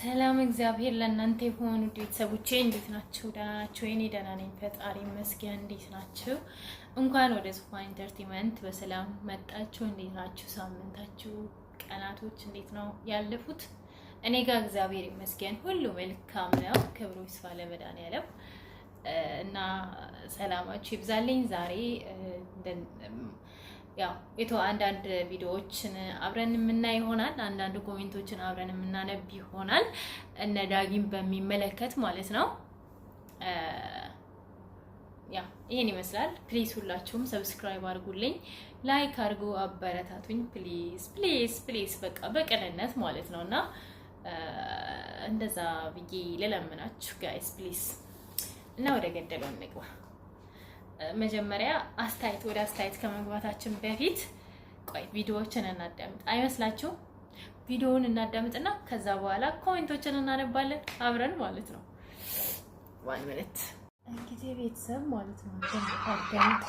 ሰላም እግዚአብሔር ለእናንተ የሆኑ ቤተሰቦቼ እንዴት ናቸው ደህና ናችሁ? የኔ ደህና ነኝ፣ ፈጣሪ ይመስገን። እንዴት ናቸው። እንኳን ወደ ዙፋን ኢንተርቴንመንት በሰላም መጣችሁ። እንዴት ናችሁ? ሳምንታችሁ፣ ቀናቶች እንዴት ነው ያለፉት? እኔ ጋር እግዚአብሔር ይመስገን ሁሉ መልካም ነው። ክብሩ ይስፋ ለመድኃኒዓለም እና ሰላማችሁ ይብዛልኝ። ዛሬ ያው የቶ አንዳንድ ቪዲዮዎችን አብረን የምናይ ይሆናል። አንዳንድ ኮሜንቶችን አብረን የምናነብ ይሆናል። እነ ዳጊም በሚመለከት ማለት ነው። ያ ይሄን ይመስላል። ፕሊዝ ሁላችሁም ሰብስክራይብ አድርጉልኝ፣ ላይክ አድርጉ፣ አበረታቱኝ። ፕሊዝ ፕሊዝ ፕሊዝ በቃ በቅንነት ማለት ነው እና እንደዛ ብዬ ልለምናችሁ ጋይስ ፕሊዝ። እና ወደ ገደለው እንግባ። መጀመሪያ አስተያየት ወደ አስተያየት ከመግባታችን በፊት ቆይ ቪዲዮዎችን እናዳምጥ አይመስላችሁ? ቪዲዮውን እናዳምጥና ከዛ በኋላ ኮሜንቶችን እናነባለን አብረን ማለት ነው። ዋን ሚኒት እንግዲህ ቤተሰብ ማለት ነው አዳምጥ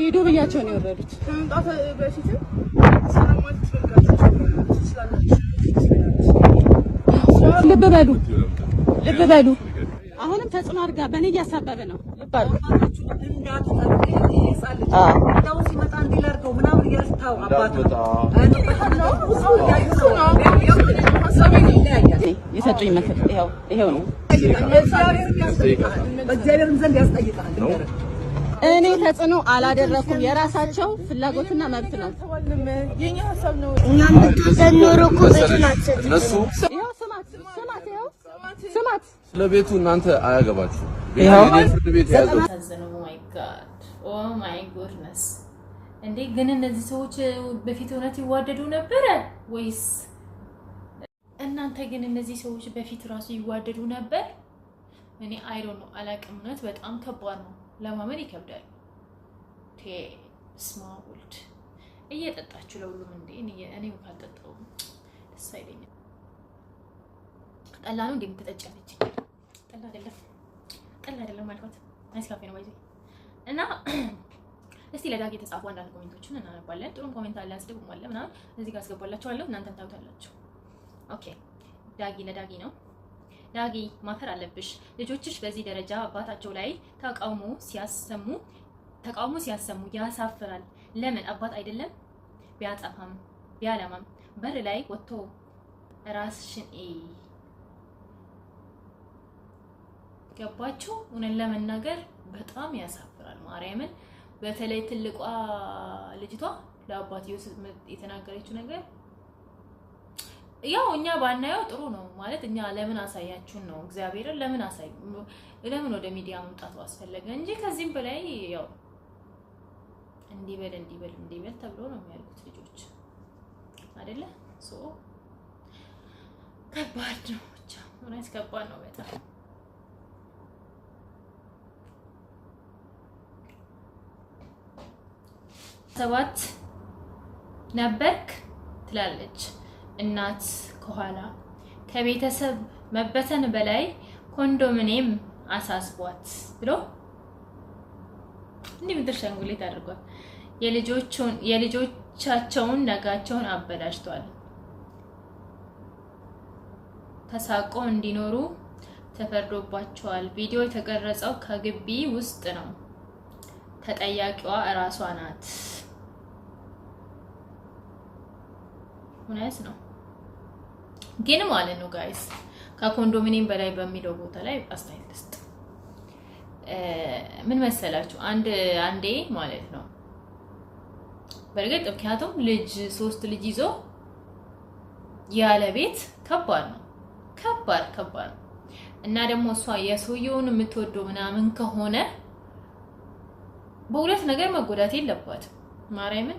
ሂዱ ብያቸው ነው የወረዱት ከመምጣት በፊትም ሰላም ማለት ትፈልጋላችሁ ልብ በሉ፣ ልብ በሉ። አሁንም ተጽዕኖ አድርጋ በእኔ እያሳበበ ነው። የሰጡኝ ምክር ይኸው ነው። እኔ ተጽዕኖ አላደረኩም። የራሳቸው ፍላጎትና መብት ነው። ለቤቱ እናንተ አያገባችሁ። ፍርድ ቤት ያዘው ማይ ጎድነስ እንዴ! ግን እነዚህ ሰዎች በፊት እውነት ይዋደዱ ነበረ ወይስ? እናንተ ግን እነዚህ ሰዎች በፊት እራሱ ይዋደዱ ነበር? እኔ አይሮ ነው አላቅም። እውነት በጣም ከባድ ነው፣ ለማመን ይከብዳል። ስማ ውልድ እየጠጣችሁ ለሁሉም እንዴ! እኔ ካልጠጣው ደስ አይለኝም። ጠላ ነው እንዴ? ቀልድ አይደለም፣ ቀልድ አይደለም አልኳት። አይስ ነው ይዘኝ እና እስቲ ለዳጊ የተጻፉ አንዳንድ ኮሜንቶችን እናነባለን። ጥሩም ኮሜንት አለ፣ አስደቡም አለ ምናምን እዚህ ጋር አስገባላችኋለሁ፣ እናንተ ታዩታላችሁ። ኦኬ ዳጊ ለዳጊ ነው። ዳጊ ማፈር አለብሽ። ልጆችሽ በዚህ ደረጃ አባታቸው ላይ ተቃውሞ ሲያሰሙ ተቃውሞ ሲያሰሙ ያሳፍራል። ለምን አባት አይደለም? ቢያጠፋም ቢያለማም በር ላይ ወጥቶ ራስሽን ገባችሁ? እውነት ለመናገር በጣም ያሳፍራል። ማርያምን በተለይ ትልቋ ልጅቷ ለአባትየው የተናገረችው ነገር ያው እኛ ባናየው ጥሩ ነው ማለት እኛ ለምን አሳያችሁን ነው እግዚአብሔርን ለምን አሳይ ለምን ወደ ሚዲያ መምጣቱ አስፈለገ እንጂ ከዚህም በላይ ያው እንዲበል እንዲበል እንዲበል ተብሎ ነው የሚያሉት ልጆች አይደለ ሶ ከባድ ነው ብቻ እውነት ከባድ ነው በጣም ሰባት ነበርክ ትላለች እናት ከኋላ። ከቤተሰብ መበተን በላይ ኮንዶሚኒየም አሳስቧት ብሎ እንዲህ ምድር ሸንጉሌት አድርጓል። የልጆቻቸውን ነጋቸውን አበላሽቷል። ተሳቆ እንዲኖሩ ተፈርዶባቸዋል። ቪዲዮ የተቀረጸው ከግቢ ውስጥ ነው። ተጠያቂዋ እራሷ ናት። እውነት ነው ግን ማለት ነው ጋይስ ከኮንዶሚኒየም በላይ በሚለው ቦታ ላይ አስተያየት ልስጥ። ምን መሰላችሁ? አንድ አንዴ ማለት ነው በእርግጥ ምክንያቱም ልጅ ሶስት ልጅ ይዞ ያለ ቤት ከባድ ነው፣ ከባድ ከባድ ነው። እና ደግሞ እሷ የሰውየውን የምትወደው ምናምን ከሆነ በሁለት ነገር መጎዳት የለባትም። ማርያምን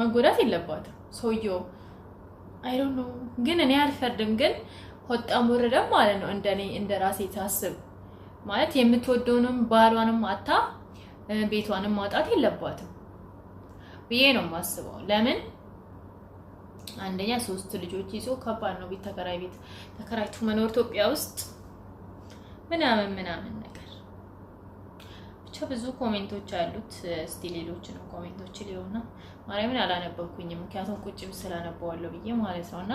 መጎዳት የለባትም። ሰውየው ኖ ግን እኔ አልፈርድም። ግን ወጣም ወረደም ማለት ነው እንደኔ እንደ ራሴ ታስብ ማለት የምትወደውንም ባሏንም አታ ቤቷንም ማውጣት የለባትም ብዬ ነው የማስበው። ለምን አንደኛ ሶስት ልጆች ይዞ ከባድ ነው። ቤት ተከራይ ቤት ተከራይቱ መኖር ኢትዮጵያ ውስጥ ምናምን ምናምን ነገር ብቻ ብዙ ኮሜንቶች አሉት። እስቲ ነው ኮሜንቶች ሊሆና ማርያምን አላነበብኩኝም፣ ምክንያቱም ቁጭም ስላነበዋለሁ ብዬ ማለት ነው። እና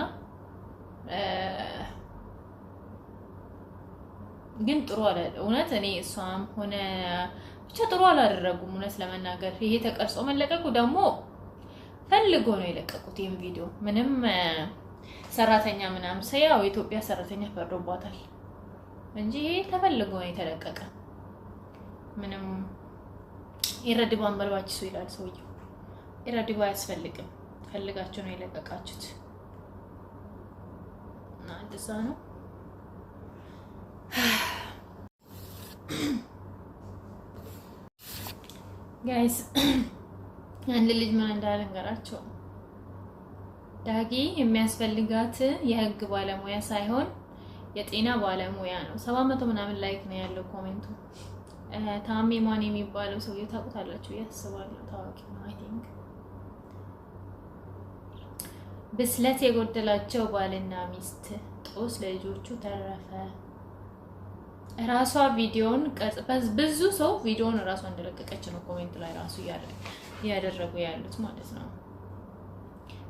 ግን ጥሩ አለ እውነት እኔ እሷም ሆነ ብቻ ጥሩ አላደረጉም። እውነት ለመናገር ይሄ ተቀርጾ መለቀቁ ደግሞ ፈልጎ ነው የለቀቁት። ይህም ቪዲዮ ምንም ሰራተኛ ምናምን ሰያው የኢትዮጵያ ሰራተኛ ፈርዶባታል እንጂ ይሄ ተፈልጎ ነው የተለቀቀ። ምንም ይረድ ባንበልባች ሰው ይላል ሰውየው። ኢራዲቦ አያስፈልግም። ፈልጋችሁ ነው የለቀቃችሁት። እንደዛ ነው። ጋይስ አንድ ልጅ ምን እንዳለ ንገራቸው። ዳጊ የሚያስፈልጋት የህግ ባለሙያ ሳይሆን የጤና ባለሙያ ነው። ሰባት መቶ ምናምን ላይክ ነው ያለው ኮሜንቱ። ታሜ ማን የሚባለው ሰው ታውቁታላችሁ ብዬ አስባለሁ። ታዋቂ ነው አይ ቲንክ ብስለት የጎደላቸው ባልና ሚስት ጦስ ለልጆቹ ተረፈ። ራሷ ቪዲዮን ቀጽበዝ ብዙ ሰው ቪዲዮን እራሷ እንደለቀቀች ነው ኮሜንት ላይ ራሱ እያደረጉ ያሉት ማለት ነው።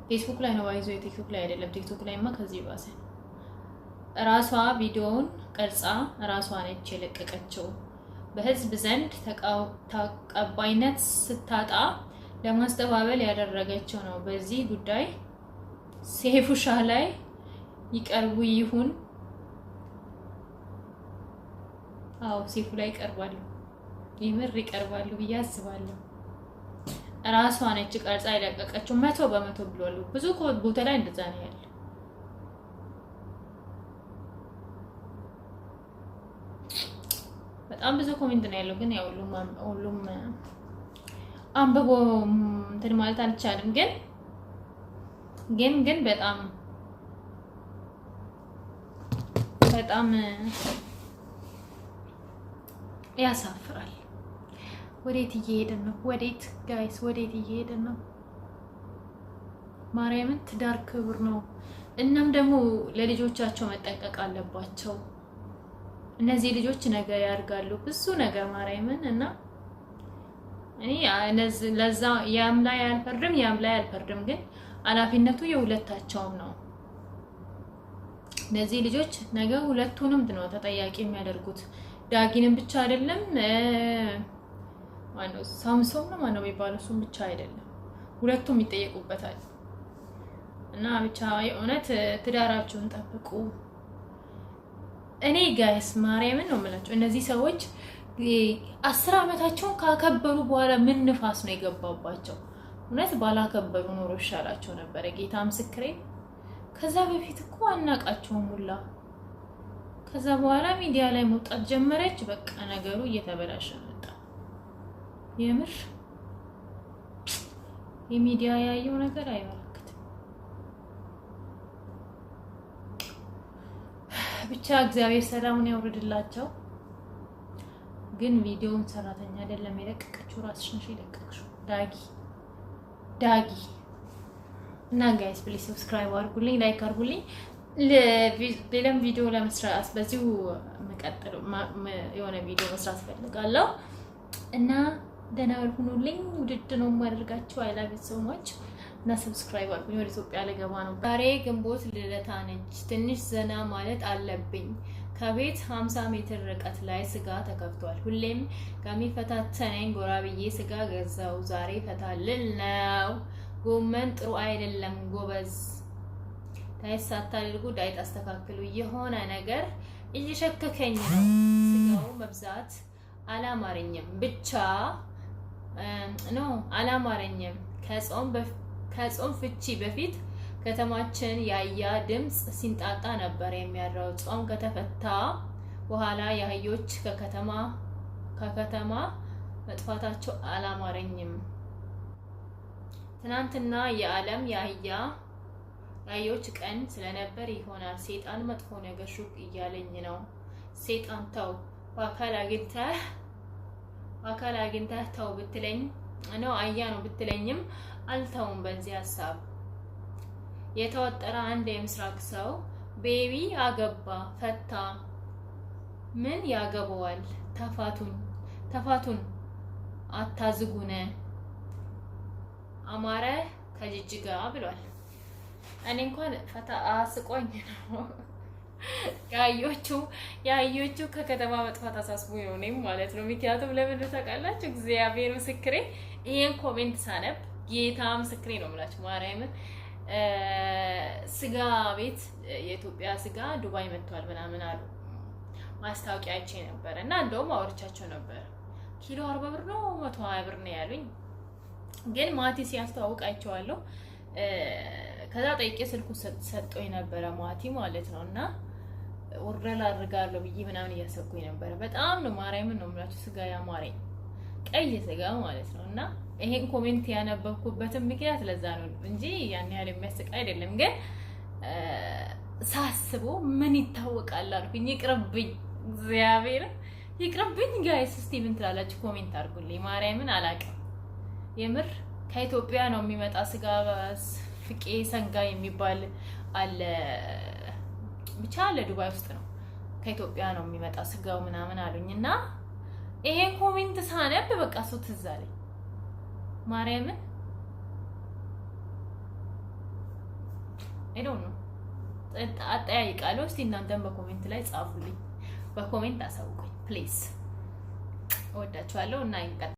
ፌስቡክ ላይ ነው ባይዞ የቲክቶክ ላይ አይደለም። ቲክቶክ ላይማ ከዚህ ባሰ። ራሷ ቪዲዮውን ቀርጻ ራሷ ነች የለቀቀችው። በህዝብ ዘንድ ተቀባይነት ስታጣ ለማስተባበል ያደረገችው ነው። በዚህ ጉዳይ ሴፉ ሻህ ላይ ይቀርቡ ይሁን? አዎ ሴፉ ላይ ይቀርባሉ፣ የምር ይቀርባሉ ብዬ አስባለሁ። ራሷ ነች ቀርጻ የለቀቀችው መቶ በመቶ ብሏሉ። ብዙ ቦታ ላይ እንደዛ ነው ያለ። በጣም ብዙ ኮሜንት ነው ያለው። ግን ያው ሁሉም አንብቦ እንትን ማለት አልቻልም ግን ግን ግን በጣም በጣም ያሳፍራል። ወዴት እየሄድን ነው? ወዴት ጋይስ፣ ወዴት እየሄድን ነው? ማርያምን ትዳር ክቡር ነው። እናም ደግሞ ለልጆቻቸው መጠንቀቅ አለባቸው። እነዚህ ልጆች ነገር ያድጋሉ ብዙ ነገር ማርያምን እና እኔ ለዛ ያም ላይ አልፈርድም፣ ያም ላይ አልፈርድም። ግን ኃላፊነቱ የሁለታቸውም ነው። እነዚህ ልጆች ነገ ሁለቱንም ነው ተጠያቂ የሚያደርጉት። ዳጊንም ብቻ አይደለም ማነው ሳምሶም ነው ማነው የሚባለው እሱም ብቻ አይደለም፣ ሁለቱም ይጠየቁበታል። እና ብቻ የእውነት ትዳራችሁን ጠብቁ። እኔ ጋይስ ማርያምን ነው የምላቸው እነዚህ ሰዎች አስር ዓመታቸውን ካከበሩ በኋላ ምን ንፋስ ነው የገባባቸው? እውነት ባላከበሩ ኖሮ ይሻላቸው ነበረ። ጌታ ምስክሬ። ከዛ በፊት እኮ አናቃቸውም ሁላ። ከዛ በኋላ ሚዲያ ላይ መውጣት ጀመረች። በቃ ነገሩ እየተበላሸ መጣ። የምር የሚዲያ ያየው ነገር አይመለከትም። ብቻ እግዚአብሔር ሰላሙን ያውርድላቸው። ግን ቪዲዮውን ሰራተኛ አይደለም የለቀቀችው፣ ራስሽ ነሽ የለቀቅሽው። ዳጊ ዳጊ እና ጋይስ ፕሊዝ ሰብስክራይብ አድርጉልኝ፣ ላይክ አድርጉልኝ። ሌላም ቪዲዮ ለመስራት በዚሁ መቀጠል የሆነ ቪዲዮ መስራት ፈልጋለሁ እና ደህና ሁኑልኝ። ውድድ ነው የማደርጋችሁ። አይ ላቭ ዩ ሶ ማች እና ሰብስክራይብ አድርጉኝ። ወደ ኢትዮጵያ ልገባ ነው። ዛሬ ግንቦት ልደታ ነች። ትንሽ ዘና ማለት አለብኝ። ከቤት 50 ሜትር ርቀት ላይ ስጋ ተከፍቷል። ሁሌም ከሚፈታተነኝ ጎራ ብዬ ስጋ ገዛው። ዛሬ ፈታ ልል ነው። ጎመን ጥሩ አይደለም ጎበዝ። ታይስ አታድርጉ፣ ዳይት አስተካክሉ። የሆነ ነገር እየሸከከኝ ነው። ስጋው መብዛት አላማረኝም። ብቻ ኖ አላማረኝም። ከጾም ፍቺ በፊት ከተማችን የአህያ ድምፅ ሲንጣጣ ነበር የሚያድረው። ጾም ከተፈታ በኋላ የአህዮች ከከተማ ከከተማ መጥፋታቸው አላማረኝም። ትናንትና የዓለም የአህያ አህዮች ቀን ስለነበር ይሆናል። ሴጣን መጥፎ ነገር ሹክ እያለኝ ነው። ሴጣን ተው፣ በአካል አግኝተህ በአካል አግኝተህ ተው ብትለኝ ነው አህያ ነው ብትለኝም አልተውም። በዚህ ሀሳብ የተወጠረ አንድ የምስራቅ ሰው ቤቢ አገባ ፈታ። ምን ያገባዋል? ተፋቱን ተፋቱን አታዝጉነ አማረ ከጅጅጋ ብሏል። እኔ እንኳን ፈታ አስቆኝ ነው ያዮቹ ያዮቹ ከከተማ መጥፋት አሳስቡ ነው እኔም ማለት ነው። ምክንያቱም ለምን ታውቃላችሁ? እግዚአብሔር ምስክሬ ይሄን ኮሜንት ሳነብ ጌታ ምስክሬ ነው የምላችሁ ማርያምን ስጋ ቤት የኢትዮጵያ ስጋ ዱባይ መጥቷል ምናምን አሉ። ማስታወቂያ አይቼ ነበረ እና እንደውም አወርቻቸው ነበር ኪሎ አርባ ብር ነው መቶ ሀያ ብር ነው ያሉኝ። ግን ማቲ ሲያስተዋውቅ አይቼዋለሁ። ከዛ ጠይቄ ስልኩ ሰጠኝ ነበረ ማቲ ማለት ነው እና ወረላ አድርጋለሁ ብዬ ምናምን እያሰብኩኝ ነበረ። በጣም ነው ማርያምን ነው የምላቸው ስጋ ያማረኝ። ቀይ ስጋ ማለት ነው። እና ይሄን ኮሜንት ያነበብኩበትን ምክንያት ለዛ ነው እንጂ ያን ያህል የሚያስቅ አይደለም። ግን ሳስቦ ምን ይታወቃል አልኩኝ። ይቅርብኝ፣ እግዚአብሔር ይቅርብኝ። ጋይስ እስቲ ምን ትላላችሁ? ኮሜንት አድርጉልኝ። ማርያምን አላቅም። የምር ከኢትዮጵያ ነው የሚመጣ ስጋ ፍቄ ሰንጋ የሚባል አለ ብቻ ዱባይ ውስጥ ነው ከኢትዮጵያ ነው የሚመጣ ስጋው ምናምን አሉኝ እና ይሄን ኮሜንት ሳነብ በቃ እሱ ትዝ አለኝ። ማርያምን አይዶን ነው አጠያይቃለሁ። እስቲ እናንተም በኮሜንት ላይ ጻፉልኝ፣ በኮሜንት አሳውቁኝ ፕሊዝ። እወዳችኋለሁ እና ይንቀጥ